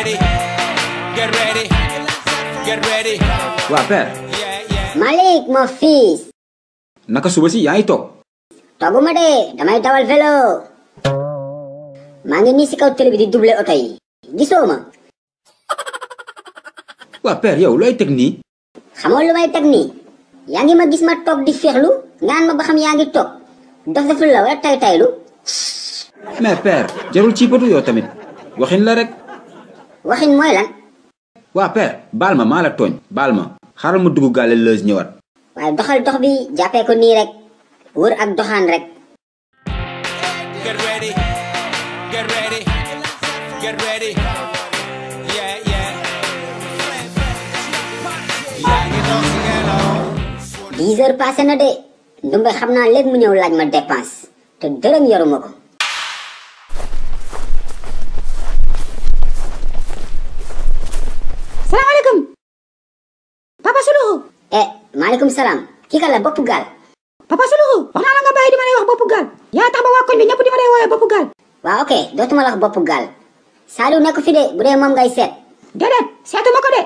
ready, get ready, get ready. Waper. Malik, Mofis. Naka suba si yai tok. Togo made, damai tawal velo. Mangi ni sikaw tele bidi double otai. Giso ma. Waper, ya loy tek ni? Kamu lumay tek ni. Yaangi ma gis tok di fexlu, ngan ma ba yangi tok. Dof def la wala tay lu. Mais père, jarul ci potu yo ya, tamit. Wahin la waxin mooy lan. waa père baal ma maa la tooñ. baal ma xaaral ma dugg gaale lëës ñëwaat. waaye doxal dox bi jàppee ko nii rek wër ak doxaan rek. get ready get ready get ready xam naa léegi mu ñëw laaj ma dépense te dërëm yoruma ko. aleykum salaam kii kan la boppu papa Souloukhou wax naa nga bàyyi di ma wax boppu gaal yaa tax ba wakon bi ñep di ma lay woowee boppu gaal waaw ok dootuma la wax boppu gaal Saliou nekku fi de bu de mom ngay set. déedéet seetuma ko de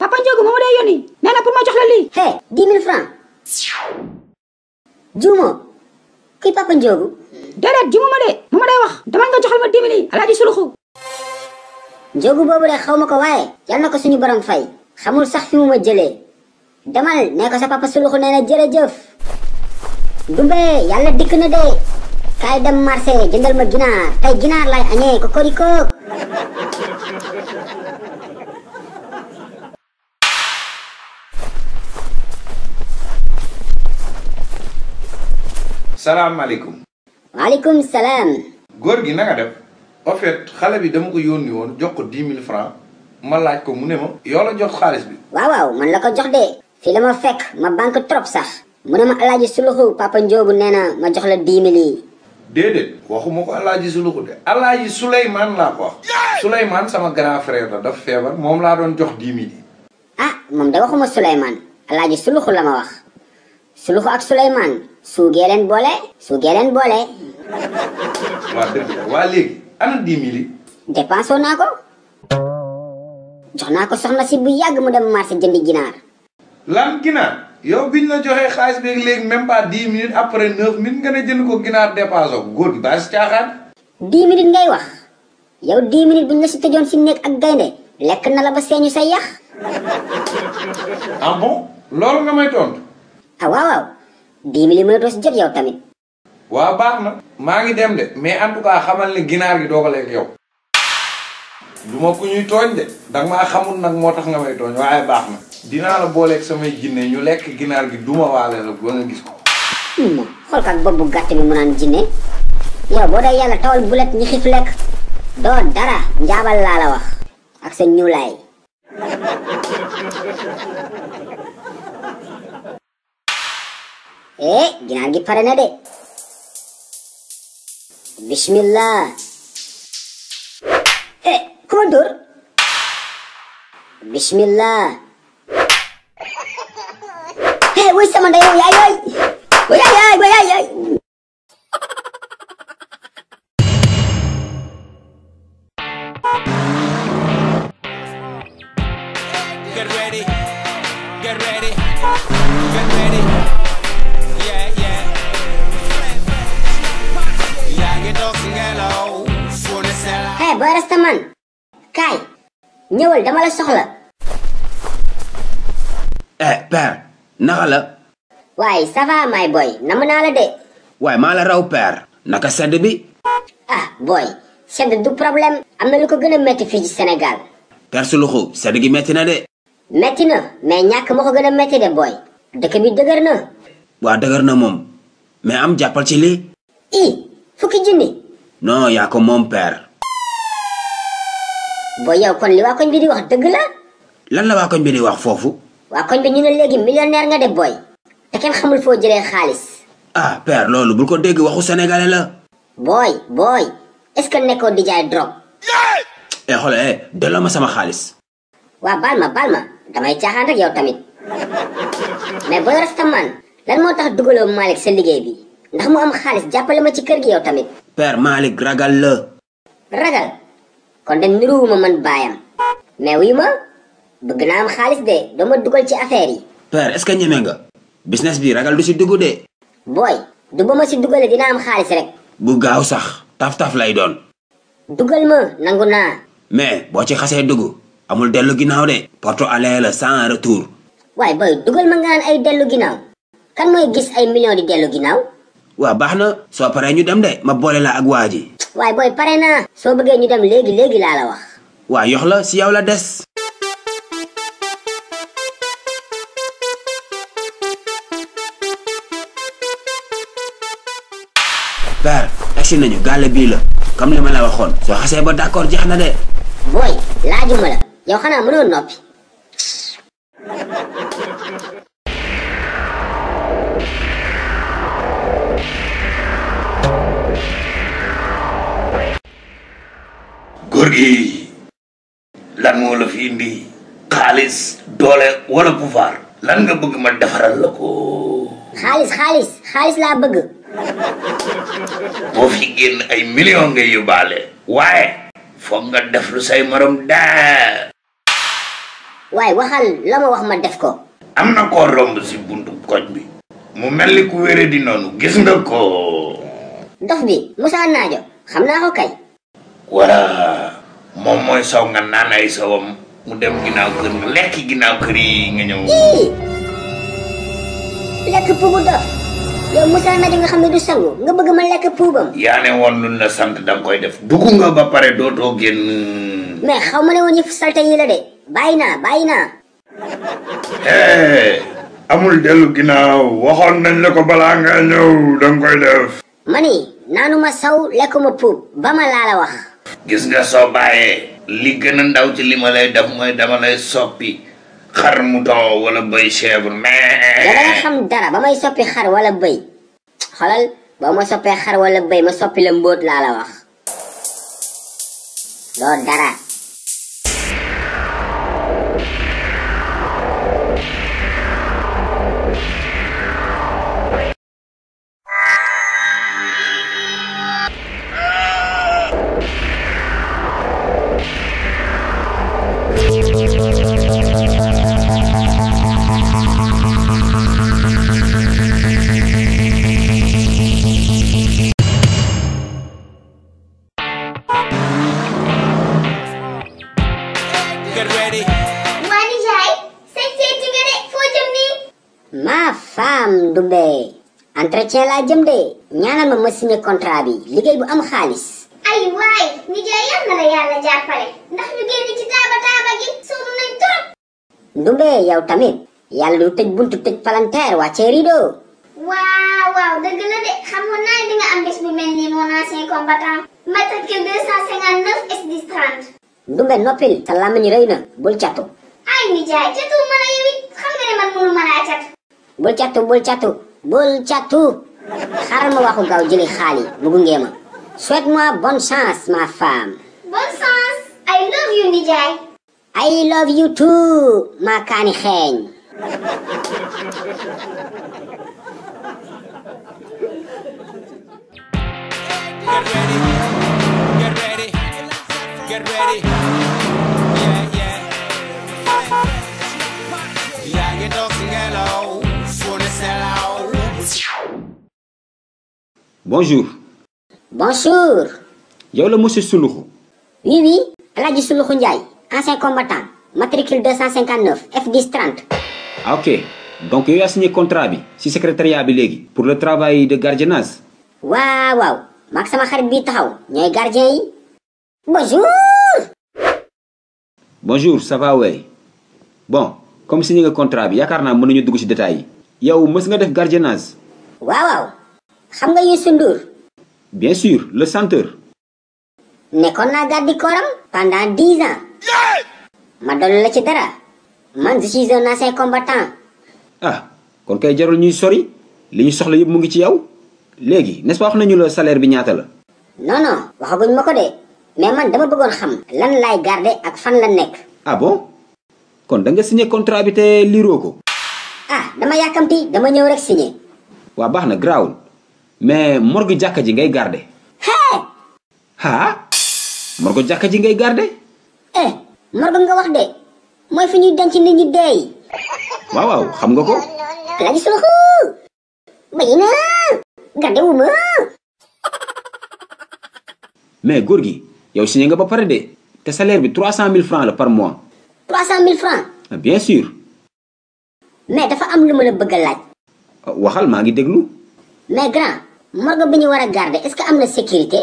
papa Ndiogou mo de yoni. nee pour ma jox la li. hé 10000 francs juumoo Ki papa Ndiogou déedéet ma de Mo ma day wax dama nga joxal ma 10000 ala di Alaaji Souloukhou bobu de xawmako waye, ko waaye yal na suñu borom fay xamul sax fi mu ma jëlee demal ne ko sa papa suluxu nee na jeuf dumbe yalla ya dik na de kay dem marché jëndal ma gina tay gina lay añee ko salam salaamaaleykum waaleykum salam gor gi naka def en fait xale bi dama ko yoni won jox ko 10000 wow, francs ma laaj ko mu ma yo la jox xaliss bi waaw waaw man la ko jox de fi la ma fekk ma bank trop sax mu ne ma alaaji suluxu papa njoobu nee na ma jox la dix mille yi déedéet waxuma ko alaaji suluxu de alaaji souleyman laa ko wax sama grand frère la daf feebar moom laa doon jox dix ah moom da waxuma souleyman alaaji suluxu la ma wax suluxu ak souleyman suugee leen boole suugee leen boole waa dëgg la waa léegi ana dix mille naa ko jox naa ko soxna si bu yàgg mu dem marché jëndi ginaar lan ginaar yow biñ la joxe xaalis bi leg même pas 10 minutes après 9 minutes nga ne jënd ko ginaar dépasso goor góor bass si caaxaan. 10 minutes ngay wax yow 10 minutes buñ la ci tejon ci nek ak gayne lek na la ba señu say yah ah bon loolu nga may tont ah waaw waaw 10 minutes mënatoo si jot yow tamit. wa baax na. maa ngi dem de mais en tout cas xamal ni ginaar gi doo ak yow. duma ko ñuy togn de dag ma xamul nak motax nga may togn waye baax na dina la ak samay jinné ñu lek ginar gi duma walé la kalau nga gis ko. Hmm, xol ya boleh bu gàtt mu naan jinné yow bo day yalla tawal bulet ñi xif lek do dara njabal la la wax ak sa eh ginar gi paré na dé bismillah. eh ku bismillah. Ui sao mình đi rồi vậy ơi Bữa đây ơi bữa đây ơi Get ready, get ready, Eh, Ben, Nala. waaye ça va my boy namu naa la de. waaye maa la raw père. naka sedd bi. ah boy sedd du problème. am na lu ko gën a métti fii ci Sénégal. père Suluxu sedd gi metti na de. métti na mais ñàkk moo ko gën a métti de boy dëkk bi dëgër na. waa dëgër na moom mais am jàppal ci lii. i fukki junni. non yaa ko moom père. booy yow kon li waa koñ bi di wax dëgg la. lan la waa koñ bi di wax foofu. waa koñ bi ñu ne léegi millionnaire nga de boy. te kenn xamul foo jëlee xaalis. ah père loolu bul ko dégg waxu sénégalais la. booy booy est-ce que nekkoo di jaay drogue. eh, eh delloo ma sama xaalis. waa baal ma baal ma damay caaxaan rek tamit mais booy rastaman lan moo xaalis jàppale ma ci kër gi yow tamit. père Malick ragal la. ragal kon de niruwuma man baayam mais wuyu ma bëgg naa am xaalis de doo ma dugal ci affaire yi. père est-ce nga. business bi ragal du si dugg de. booy du ba ma si dugalee dina am xaalis rek. bu gaaw sax taf-taf lay doon. dugal ma nangu naa. mais boo ci xasee dugg amul dellu ginnaaw de. porto aller la sans retour. waaye booy dugal ma ngaan ay dellu ginnaaw. kan mooy gis ay millions di dellu ginnaaw. waa baax na soo paree ñu dem de ma boole la ak waa ji. waaye booy pare naa. soo bëggee ñu dem léegi léegi laa la wax. waa yox la si yow la des. père taxi nañu galé bi la comme li ma la waxoon soo xasee ba d'accord accord jeex na de. booy la yow xana mëno nopi gorgi lan la fi indi khalis dole wala pouvoir lan nga bëgg ma défaral lako khalis khalis khalis la bëgg. boo fi génn ay million nga yóbbaale waaye foog nga def lu say morom daa waaye waxal la ma wax ma def ko am na koo romb si buntu koñ bi mu mel ni ku wére noonu gis nga ko dof bi Moussa Naajo xam naa ko kay wala moom mooy saw nga naan ay sawam mu dem ginnaaw kër nga lekk ginnaaw kër yi nga ñëw lekk pugu dof yow Moussa Nadio nga xam ne du sangu nga bëgg ma lekk puubam. yaa ne woon luñ la sant da koy def dugg nga ba pare doo génn. mais xaw ma ne woon yëf salte yi la de bàyyi naa bàyyi naa. Eh, amul dellu ginnaaw waxoon nañ la ko balaa nga ñëw da nga koy def. ma ni naanu ma saw lekkuma puub ba ma laa la wax. gis nga soo li gën a ndaw ci li ma lay def mooy dama lay soppi. xar mouton wala bëy chèvre mais. dangay xam dara ba may soppi xar wala bëy xoolal ba ma soppee xar wala bëy ma soppi la mbóot laa la wax loolu dara. maa faam dumbee entretien laa jëm de ñaanal ma ma signé contrat bi liggéey bu am xaalis ay waay nijaay yal na la yàlla jàppale ndax ñu génn ci taaba taaba gi sonn nañ trop dumbee yow tamit yàlla du tëj buntu tëj palanteer wàccee rido waaw waaw dëgg la de xamoon naa di nga am bés bu mel mon ancien combattant que 259 s 30 dumbe nopil sa làmmiñ bul ay a xam nga ne man mënu bul catu bul catu bul catu xaaral ma waxu gaw jeli xaali bu gungee ma souhaite moi bonne chance ma femme bonne chance I love you nijay I love you too ma kaani xeeñ Get ready. Get ready. Get ready. Bonjour. Bonjour. yow le monsieur Suluho oui oui El Hadj Suluxu Ndiaye ancien combattant matricule 259 f 1030 30. Ah, ok donc yow a signé contrat bi ci secrétariat bi légui pour le travail de gardiennage. waouh. waaw maak sama xarit bi taxaw le gardien yi. bonjour. bonjour ça va ouais. bon comme signé le contrat bi yakarna naa de dugg ci détails yi. yow mëss nga def gardiennage. waaw xam nga Youssou Ndour. bien sûr le chanteur. nekkoon naa gàddi kooram pendant dix ans. ma doon la ci dara. man je suis un ancien combattant. ah kon kay jarul ñuy sori li ñu soxla yëpp mu ngi ci yow léegi n'est-ce wax nañu la salaire bi ñaata la. non a waxaguñ ma ko de mais man dama bëggoon xam lan laay garder ak fan la nekk. ah bon kon da nga signé contrat bi te liiroo ko. ah dama yàkkamti dama ñëw rek signé. waa baax na garaawul. mais morgue jàkka ji ngay garde ah morgue jàkka ji ngay garde eh morgue nga wax de mooy fi ñuy denc nit ñi deey waaw waaw xam nga ko alaaji suluxu bayi na garde wu mais góor gi yow signé nga ba pare de te salaire bi trois cent mille francs la par mois trois cent mille francs bien sûr mais dafa am lu ma la bëgg a waxal maa ngi déglu mais grand morgue bi ñu war a garder est-ce que am na sécurité.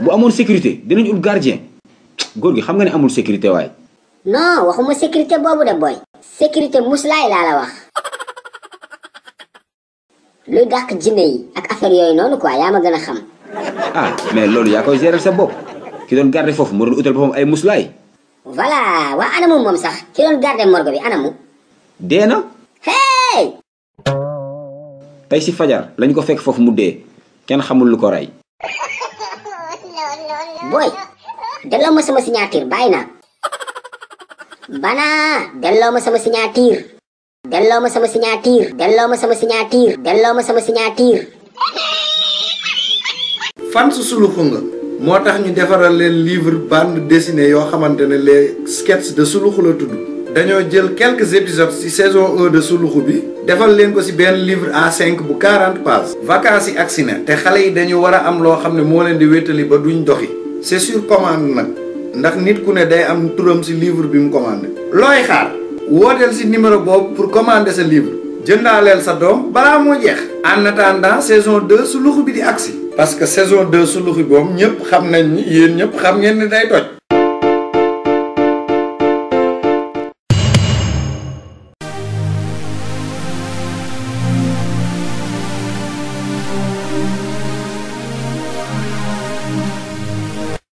bu amoon sécurité dinañ ut gardien góor gi xam nga ne amul sécurité waaye. non waxuma sécurité boobu de booy. sécurité muslaay laa la wax. luy dàq jinne yi ak affaire yooyu noonu quoi yaa ma gën xam. ah mais loolu yaa koy gérer sa bopp ki doon garde foofu moo doon utal boppam ay muslaay. voilà waa anamu moom sax ki doon garder morgue bi anamu. dee na. tay si fajar lañ ko fekk muda, mudde kenn xamul lu ko ray boy delo ma sama signature bàyyi bana delo ma sama signature delo ma sama signature delo ma sama signature delo ma sama signature fan su sulu nga motax ñu défaral le livre bande dessinée yo xamantene les sketches de la tuddu dañoo jël quelques épisodes ci saison 1 de Suluxu bi defal leen ko ci benn livre a cinq bu 40 pages vacances yi agsi na te xale yi dañu war a am loo xam ne moo leen di wettali ba duñ doxi c'est sur commande nag ndax nit ku ne day am turam ci livre bi mu commande looy xaar wooteel ci numéro boobu pour commander sa livre jëndaaleel sa doom balaa moo jeex en attendant saison 2 Suluxu bi di agsi parce que saison de Suluxu bi moom ñëpp xam nañ ni yéen ñëpp xam ngeen ne day